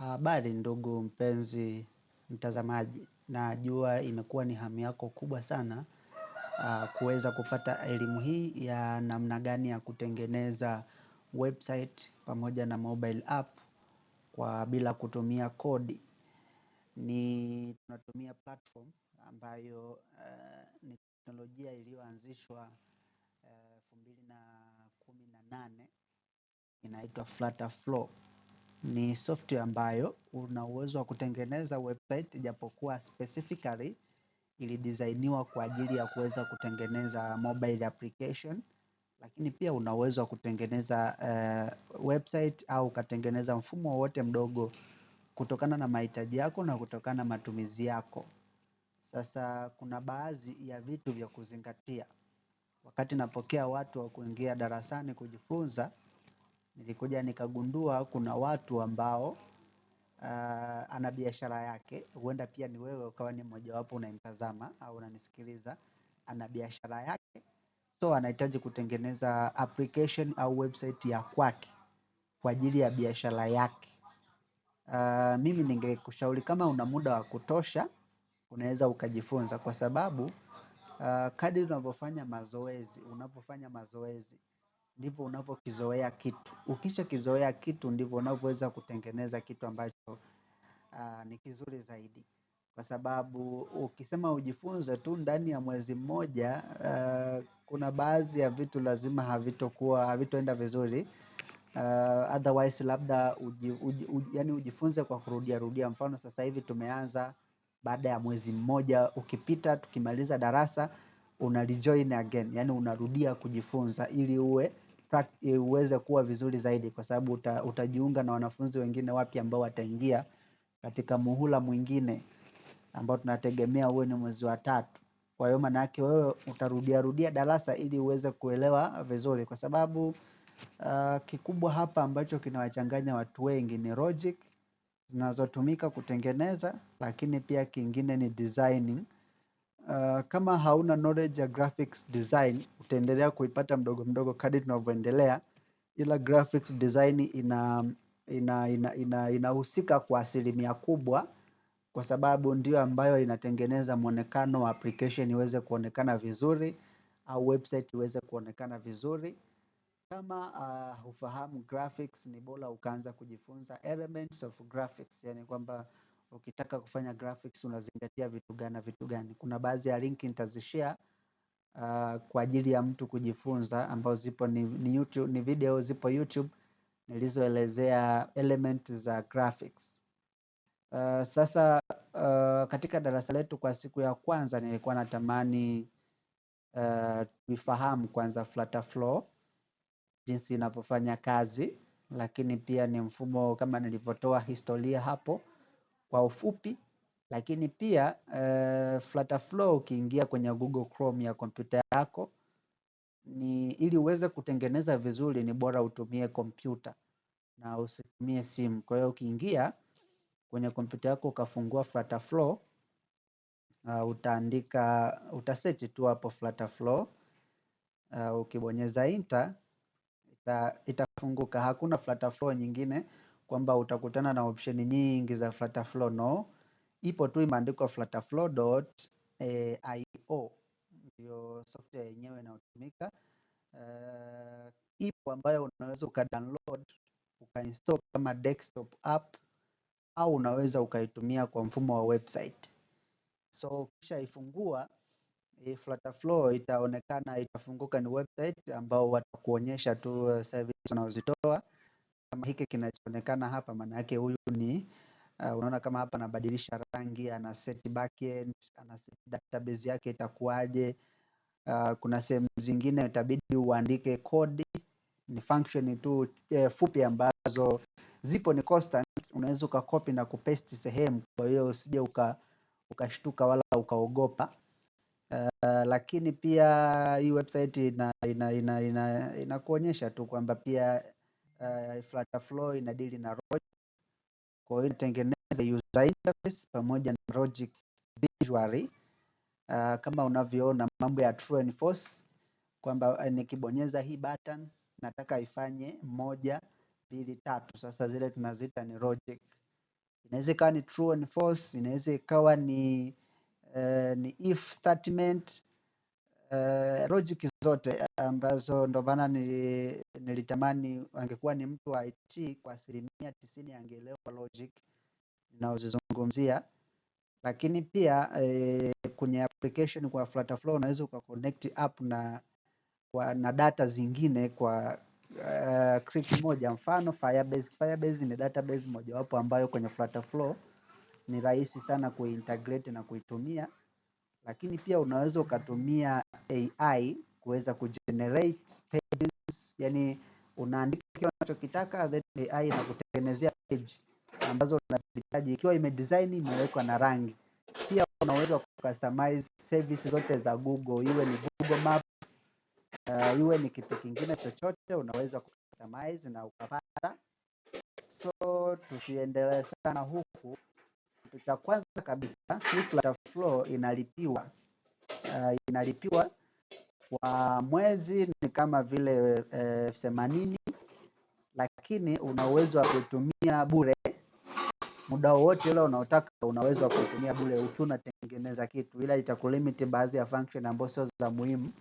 Habari ndugu mpenzi mtazamaji najua imekuwa ni hamu yako kubwa sana ah, kuweza kupata elimu hii ya namna gani ya kutengeneza website pamoja na mobile app kwa bila kutumia kodi. Ni tunatumia platform ambayo eh, ni teknolojia iliyoanzishwa eh, elfu mbili na kumi na nane inaitwa Flutter Flow ni software ambayo una uwezo wa kutengeneza website ijapokuwa specifically ilidesigniwa kwa ajili ya kuweza kutengeneza mobile application. Lakini pia una uwezo wa kutengeneza eh, website au ukatengeneza mfumo wowote mdogo kutokana na mahitaji yako na kutokana na matumizi yako. Sasa kuna baadhi ya vitu vya kuzingatia. Wakati napokea watu wa kuingia darasani kujifunza nilikuja nikagundua kuna watu ambao ah, ana biashara yake, huenda pia ni wewe ukawa ni mmojawapo unanitazama au unanisikiliza, ana biashara yake so anahitaji kutengeneza application au website ya kwake kwa ajili ya biashara yake. Ah, mimi ningekushauri kama una muda wa kutosha, unaweza ukajifunza kwa sababu ah, kadri unavyofanya mazoezi, unapofanya mazoezi ndipo unapokizoea kitu. Ukishakizoea kitu ndivyo unavyoweza kutengeneza kitu ambacho ah, ni kizuri zaidi. Kwa sababu ukisema ujifunze tu ndani ya mwezi mmoja ah, kuna baadhi ya vitu lazima havitokuwa havitoenda vizuri. Ah, otherwise labda yani ujifunze kwa kurudia rudia mfano sasa hivi tumeanza baada ya mwezi mmoja ukipita tukimaliza darasa unalijoin again, yani unarudia kujifunza ili uwe uweze kuwa vizuri zaidi, kwa sababu uta, utajiunga na wanafunzi wengine wapya ambao wataingia katika muhula mwingine ambao tunategemea uwe ni mwezi wa tatu. Kwa hiyo maana yake wewe utarudia rudia darasa ili uweze kuelewa vizuri, kwa sababu ah, kikubwa hapa ambacho kinawachanganya watu wengi ni logic zinazotumika kutengeneza, lakini pia kingine ni designing Ah, kama hauna knowledge ya graphics design utaendelea kuipata mdogo mdogo kadri tunavyoendelea, ila graphics design ina ina ina ina inahusika kwa asilimia kubwa, kwa sababu ndio ambayo inatengeneza mwonekano wa application iweze kuonekana vizuri au website iweze kuonekana vizuri. Kama uh, hufahamu graphics, ni bora ukaanza kujifunza elements of graphics, yani kwamba ukitaka kufanya graphics unazingatia vitu gani na vitu gani. Kuna baadhi ya link nitazishare uh, kwa ajili ya mtu kujifunza ambao zipo ni, ni, YouTube, ni video zipo YouTube nilizoelezea element za graphics. Uh, sasa uh, katika darasa letu kwa siku ya kwanza nilikuwa natamani uh, tuifahamu kwanza Flutter Flow jinsi inavyofanya kazi, lakini pia ni mfumo kama nilivyotoa historia hapo kwa ufupi, lakini pia uh, Flutter Flow ukiingia kwenye Google Chrome ya kompyuta yako ni ili uweze kutengeneza vizuri, ni bora utumie kompyuta na usitumie simu. Kwa hiyo ukiingia kwenye kompyuta yako ukafungua Flutter Flow uh, utaandika utasearch tu hapo Flutter Flow uh, ukibonyeza enter itafunguka. Hakuna Flutter Flow nyingine kwamba utakutana na option nyingi za Flutterflow. No, ipo tu imeandikwa flutterflow.io ndio software yenyewe inayotumika. Uh, ipo ambayo unaweza ukadownload ukainstall kama desktop app au unaweza ukaitumia kwa mfumo wa website. So kisha ifungua e, Flutterflow itaonekana itafunguka ni website ambao watakuonyesha tu eh, service unazozitoa kama hiki kinachoonekana hapa yake huyu ni uh, unaona kama hapa anabadilisha rangi, ana set backend, ana set database yake itakuwaje. Uh, kuna sehemu zingine itabidi uandike kodi, ni function tu eh, fupi ambazo zipo ni constant, unaweza ukakopi na kupaste sehemu, kwa hiyo usije ukashtuka wala ukaogopa. Uh, lakini pia hii website inakuonyesha tu kwamba pia uh, Flutter Flow ina deal na logic. Kwa hiyo inatengeneza user interface pamoja na logic visually. Uh, kama unavyoona mambo ya true and false kwamba eh, nikibonyeza hii button nataka ifanye moja mbili tatu. Sasa zile tunaziita ni logic. Inaweza ikawa ni true and false, inaweza ikawa ni, uh, ni if statement Eh, logic zote ambazo ndo maana nilitamani angekuwa ni mtu wa IT kwa asilimia tisini angeelewa logic ninazozizungumzia, lakini pia e, kwenye application kwa Flow unaweza ukaconnect app na, kwa, na data zingine kwa uh, click moja, mfano Firebase. Firebase ni database mojawapo ambayo kwenye Flow ni rahisi sana kuintegrate na kuitumia lakini pia unaweza ukatumia AI kuweza kugenerate pages, yani unaandika kile unachokitaka then AI inakutengenezea page ambazo unazihitaji ikiwa imedesign imewekwa na rangi. Pia unaweza uwezo kucustomize service zote za Google, iwe ni Google Map, uh, iwe ni kitu kingine chochote unaweza kucustomize na ukapata. So tusiendelee sana huku. Kitu cha kwanza kabisa flow inalipiwa uh, inalipiwa kwa mwezi ni kama vile eh, themanini eh, lakini una uwezo wa kuitumia bure muda wowote ule unaotaka, una uwezo wa kutumia bure ukiwa unatengeneza kitu, ila itakulimit baadhi ya function ambazo sio za muhimu,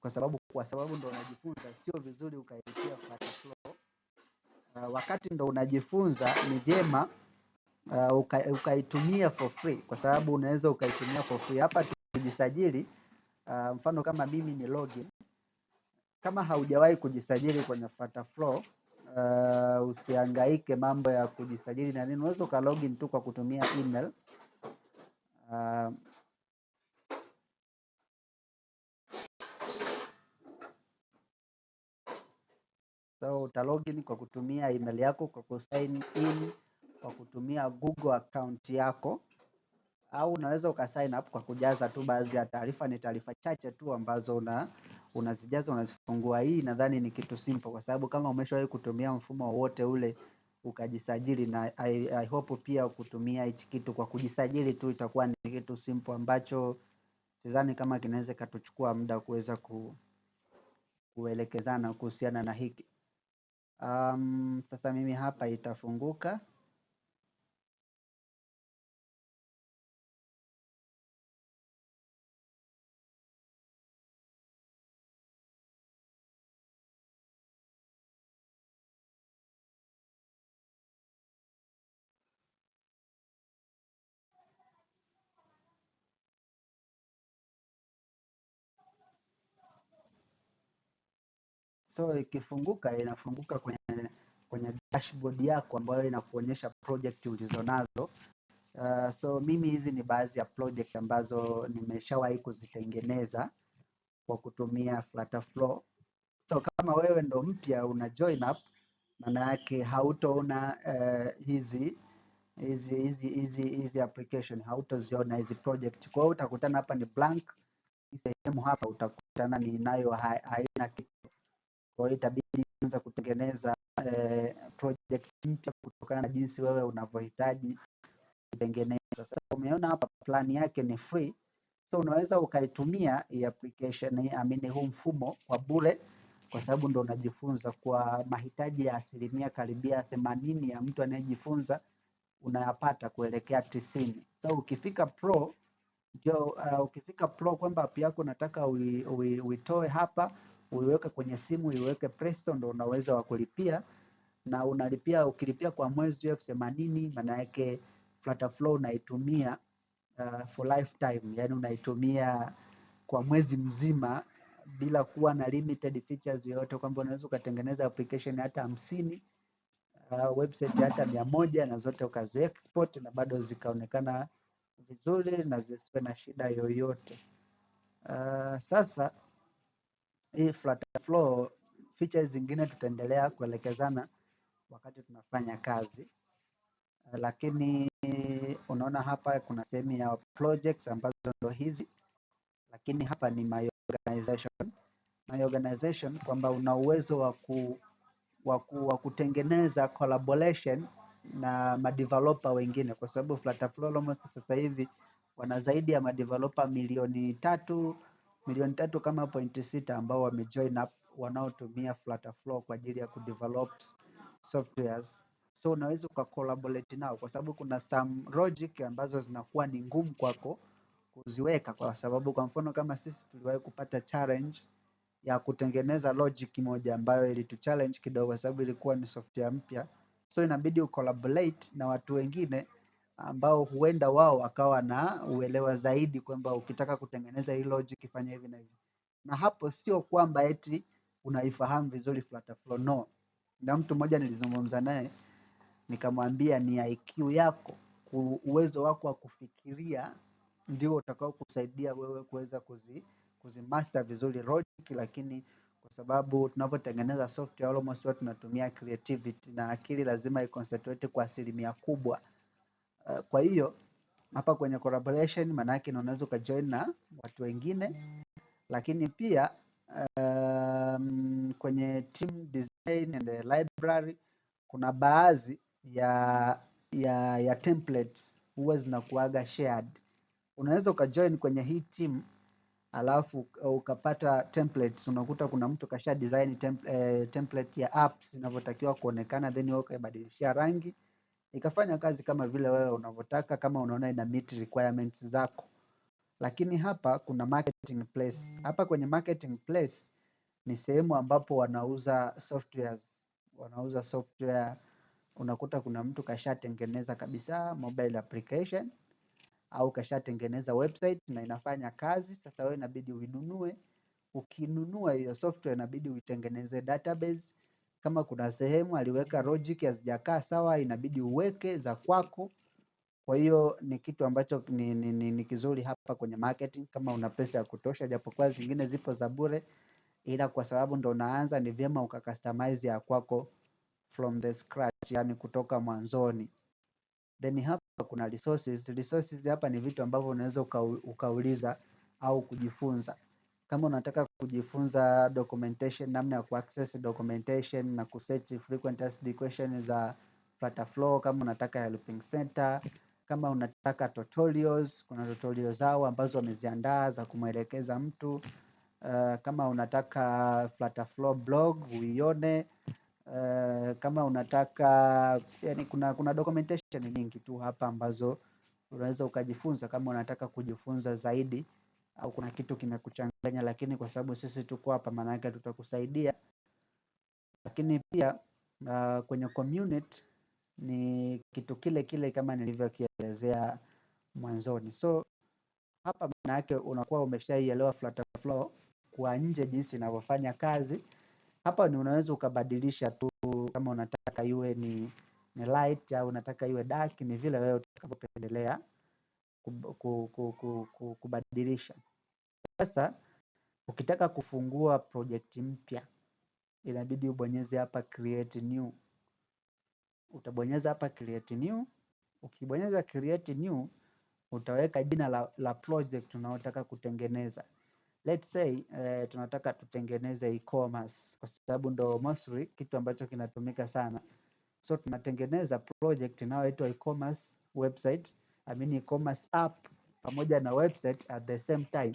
kwa sababu kwa sababu ndo unajifunza, sio vizuri ukailipia flow uh, wakati ndo unajifunza. Ni vyema Uh, ukaitumia for free kwa sababu unaweza ukaitumia for free. Hapa tujisajili, uh, mfano kama mimi ni login. Kama haujawahi kujisajili kwenye Fataflow Uh, usihangaike mambo ya kujisajili na nini, unaweza ukalogin tu kwa kutumia email. Uh, so utalogin kwa kutumia email yako kwa kusign in kwa kutumia Google account yako au unaweza uka sign up kwa kujaza tu baadhi ya taarifa, ni taarifa chache tu ambazo una unazijaza unazifungua. Hii nadhani ni kitu simple kwa sababu kama umeshawahi kutumia mfumo wowote ule ukajisajili na I I hope pia kutumia hichi kitu kwa kujisajili tu itakuwa ni kitu simple ambacho sidhani kama kinaweza katuchukua muda kuweza ku kuelekezana kuhusiana na hiki. Um, Sasa mimi hapa itafunguka. So ikifunguka inafunguka kwenye, kwenye dashboard yako ambayo inakuonyesha project ulizonazo. Uh, so mimi hizi ni baadhi ya project ambazo nimeshawahi kuzitengeneza kwa kutumia Flutter Flow. So kama wewe ndo mpya una join up, maana yake hautoona uh, hizi hizi hizi hizi hizi application hautoziona hizi project. Kwa hiyo utakutana hapa ni blank, sehemu hapa utakutana ni inayo haina kitu kwa hiyo itabidi kuanza kutengeneza eh, project mpya kutokana na jinsi wewe unavyohitaji kutengeneza. Sasa umeona hapa plan yake ni free, so unaweza ukaitumia hii application, hii, amini huu mfumo kwa bure, kwa sababu ndo unajifunza kwa mahitaji ya asilimia karibia themanini ya mtu anayejifunza unayapata kuelekea tisini. So ukifika pro ndio, uh, ukifika pro kwamba app yako nataka uitoe hapa uiweke kwenye simu, uiweke Presto, ndo una uwezo wa kulipia na unalipia. Ukilipia kwa mwezi elfu themanini maana yake Flutter Flow unaitumia uh, for lifetime, yani unaitumia kwa mwezi mzima bila kuwa na limited features yoyote, kwamba unaweza ukatengeneza application hata hamsini uh, website hata mia moja na zote ukazi export na bado zikaonekana vizuri na zisiwe na shida yoyote. Uh, sasa hii Flutter Flow features zingine tutaendelea kuelekezana wakati tunafanya kazi, lakini unaona hapa kuna sehemu ya projects ambazo ndo hizi, lakini hapa ni my organization. My organization kwamba una uwezo wa ku wa kutengeneza collaboration na madevelopa wengine, kwa sababu Flutter Flow almost sasa hivi wana zaidi ya madevelopa milioni tatu milioni tatu kama pointi sita ambao wamejoin up wanaotumia Flutter Flow kwa ajili ya kudevelop softwares. So unaweza ukacollaborate nao kwa sababu kuna some logic ambazo zinakuwa ni ngumu kwako kuziweka, kwa sababu kwa mfano kama sisi tuliwahi kupata challenge ya kutengeneza logic moja ambayo challenge kidogo, kwa sababu ilikuwa ni software mpya, so inabidi ucollaborate na watu wengine ambao huenda wao wakawa na uelewa zaidi kwamba ukitaka kutengeneza hii logic fanya hivi na hivi. Na hapo sio kwamba eti unaifahamu vizuri Flutter Flow, no. Na mtu mmoja nilizungumza naye nikamwambia ni IQ yako, uwezo wako wa kufikiria ndio utakao kusaidia wewe kuweza kuzi kuzimaster vizuri logic, lakini kwa sababu tunapotengeneza software almost huwa tunatumia creativity na akili lazima iconcentrate kwa asilimia kubwa. Eh, kwa hiyo hapa kwenye collaboration maanake unaweza ukajoin na watu wengine, lakini pia um, kwenye team design and library kuna baadhi ya, ya, ya templates huwa zinakuaga shared. Unaweza ukajoin kwenye hii team alafu ukapata templates. Unakuta kuna mtu kasha design template, eh, template ya apps inavyotakiwa kuonekana then wewe ukaibadilishia rangi ikafanya kazi kama vile wewe unavyotaka, kama unaona ina meet requirements zako. Lakini hapa kuna marketing place. Hapa kwenye marketing place ni sehemu ambapo wanauza softwares, wanauza software. Unakuta kuna mtu kashatengeneza kabisa mobile application au kashatengeneza website na inafanya kazi. Sasa wewe inabidi uinunue. Ukinunua hiyo software inabidi uitengeneze database kama kuna sehemu aliweka logic hazijakaa sawa inabidi uweke za kwako. Kwa hiyo ni kitu ambacho ni, ni, ni, ni kizuri hapa kwenye marketing kama una pesa ya kutosha, japokuwa zingine zipo za bure, ila kwa sababu ndo unaanza ni vyema ukacustomize ya kwako from the scratch, yani kutoka mwanzoni. Then hapa kuna resources. Resources hapa ni vitu ambavyo unaweza ukauliza au kujifunza. Kama unataka kujifunza documentation, namna ya kuaccess documentation na kusearch frequent asked questions za Plataflow, kama unataka helping center, kama unataka tutorials, kuna tutorials zao ambazo wameziandaa za kumwelekeza mtu. Uh, kama unataka Plataflow blog uione. Uh, kama unataka yani, kuna, kuna documentation nyingi tu hapa ambazo unaweza ukajifunza kama unataka kujifunza zaidi au kuna kitu kimekuchanganya, lakini kwa sababu sisi tuko hapa, maana yake tutakusaidia. Lakini pia uh, kwenye community ni kitu kile kile kama nilivyokielezea mwanzoni. So hapa maana yake unakuwa umeshaielewa Flow kwa nje jinsi inavyofanya kazi. Hapa ni unaweza ukabadilisha tu kama unataka iwe ni, ni light au unataka iwe dark, ni vile wewe utakavyopendelea kubadilisha. Sasa ukitaka kufungua project mpya inabidi ubonyeze hapa create new. Utabonyeza hapa create new. Ukibonyeza create new utaweka jina la, la project unaotaka kutengeneza. Let's say eh, tunataka tutengeneze e-commerce kwa sababu ndo mostly kitu ambacho kinatumika sana. So tunatengeneza project inayoitwa e-commerce website I mean e-commerce app pamoja na website at the same time,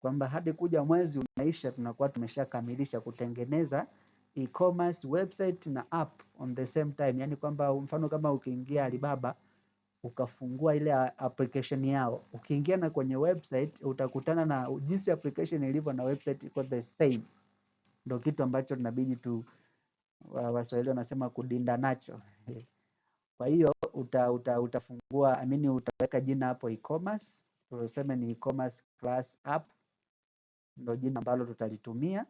kwamba hadi kuja mwezi unaisha tunakuwa tumeshakamilisha kutengeneza e-commerce website na app on the same time, yani kwamba mfano kama ukiingia Alibaba ukafungua ile application yao, ukiingia na kwenye website utakutana na jinsi application ilivyo na website iko the same. Ndio kitu ambacho tunabidi tu, Waswahili wanasema kudinda nacho. Kwa hiyo uta, uta, utafungua I mean, utaweka jina hapo e-commerce, tuseme ni e-commerce class app ndio jina ambalo tutalitumia.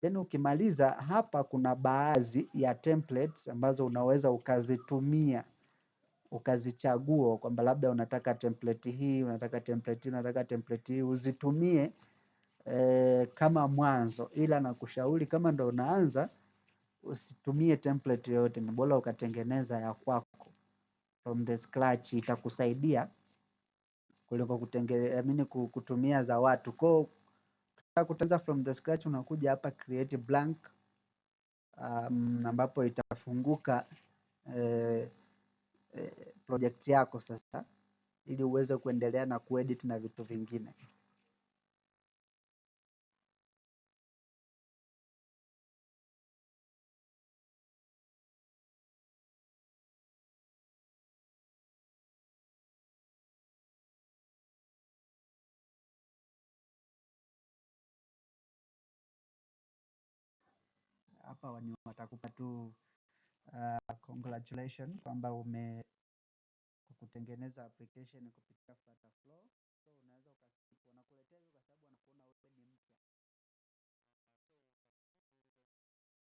Then ukimaliza hapa, kuna baadhi ya templates ambazo unaweza ukazitumia ukazichagua kwamba labda unataka template hii, unataka template hii, unataka template hii uzitumie eh, kama mwanzo, ila nakushauri kama ndo unaanza usitumie template yoyote, ni bora ukatengeneza ya kwako from the scratch, itakusaidia kuliko kutengeneza I mean, kutumia za watu. Kwa hiyo kutengeneza from the scratch unakuja hapa create blank um, ambapo itafunguka eh, eh, project yako sasa, ili uweze kuendelea na kuedit na vitu vingine. hapa ni watakupa tu uh, congratulation kwamba ume kutengeneza application kupitia Flutter Flow.